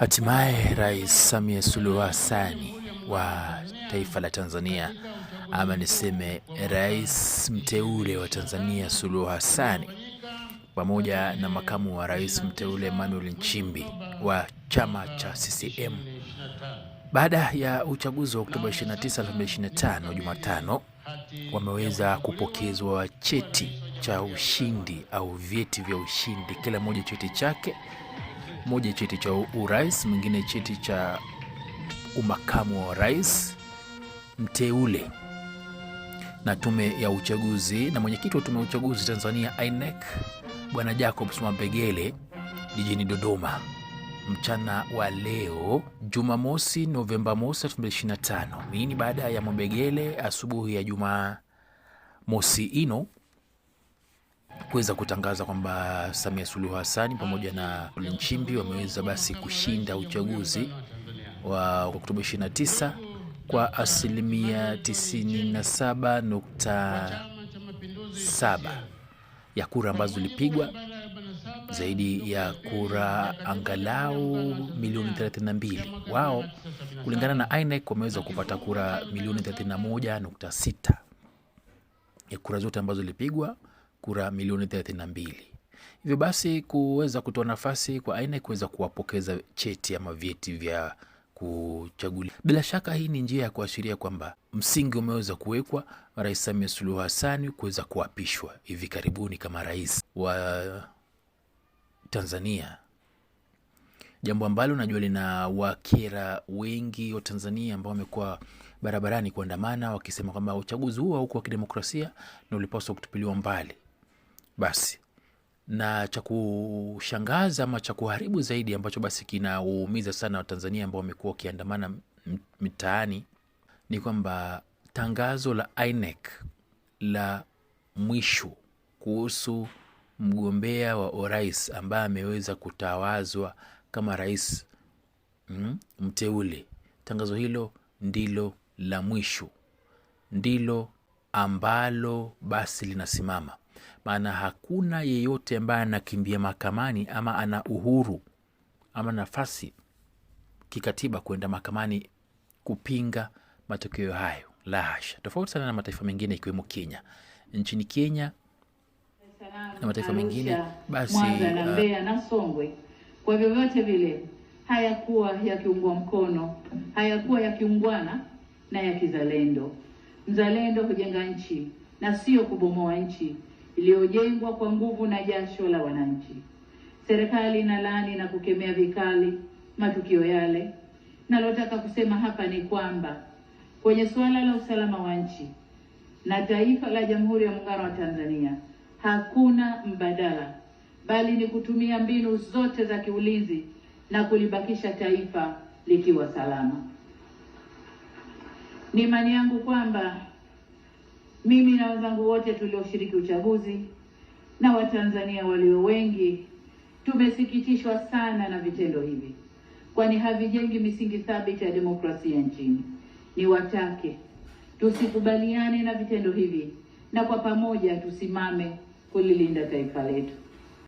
Hatimaye Rais Samia Suluhu hasani wa taifa la Tanzania ama niseme rais mteule wa Tanzania Suluhu hasani pamoja na makamu wa rais mteule Emmanuel Nchimbi wa chama cha CCM baada ya uchaguzi wa Oktoba 29, 2025 Jumatano, wameweza kupokezwa cheti cha ushindi au vyeti vya ushindi, kila mmoja cheti chake moja cheti cha urais, mwingine cheti cha umakamu wa rais mteule na tume ya uchaguzi. Na mwenyekiti wa tume ya uchaguzi Tanzania INEC Bwana Jacob smabegele jijini Dodoma mchana wa leo Jumamosi, Novemba mosi 2025. Hii ni baada ya Mwambegele asubuhi ya Jumamosi ino kuweza kutangaza kwamba Samia Suluhu Hassan pamoja na Nchimbi wameweza basi kushinda uchaguzi wa Oktoba 29 kwa asilimia 97.7 ya kura ambazo zilipigwa, zaidi ya kura angalau milioni 32. Wao kulingana na INEC wameweza kupata kura milioni 31.6 ya kura zote ambazo zilipigwa kura milioni 32. Hivyo basi kuweza kutoa nafasi kwa aina kuweza kuwapokeza cheti ama vyeti vya kuchagulia. Bila shaka hii ni njia ya kuashiria kwamba msingi umeweza kuwekwa Rais Samia Suluhu hasani kuweza kuapishwa hivi karibuni kama rais wa Tanzania, jambo ambalo najua lina wakera wengi wa Tanzania ambao wamekuwa barabarani kuandamana wakisema kwamba uchaguzi huu haukuwa wa kidemokrasia na ulipaswa kutupiliwa mbali basi na cha kushangaza ama cha kuharibu zaidi ambacho basi kinauumiza sana Watanzania ambao wamekuwa wakiandamana mitaani ni kwamba tangazo la INEC la mwisho kuhusu mgombea wa urais ambaye ameweza kutawazwa kama rais mm, mteule. Tangazo hilo ndilo la mwisho, ndilo ambalo basi linasimama maana hakuna yeyote ambaye anakimbia mahakamani ama ana uhuru ama nafasi kikatiba kwenda mahakamani kupinga matokeo hayo, la hasha. Tofauti sana na mataifa mengine ikiwemo Kenya. Nchini Kenya na mataifa mengine basi, na uh, na Songwe, kwa vyovyote vile hayakuwa yakiungwa mkono, hayakuwa yakiungwana na ya kizalendo. Mzalendo hujenga nchi na sio kubomoa nchi iliyojengwa kwa nguvu na jasho la wananchi. Serikali inalaani na kukemea vikali matukio yale. Nalotaka kusema hapa ni kwamba kwenye suala la usalama wa nchi na taifa la Jamhuri ya Muungano wa Tanzania hakuna mbadala, bali ni kutumia mbinu zote za kiulinzi na kulibakisha taifa likiwa salama. Ni imani yangu kwamba mimi na wenzangu wote tulioshiriki uchaguzi na Watanzania walio wengi tumesikitishwa sana na vitendo hivi, kwani havijengi misingi thabiti ya demokrasia nchini. Ni watake tusikubaliane na vitendo hivi, na kwa pamoja tusimame kulilinda taifa letu.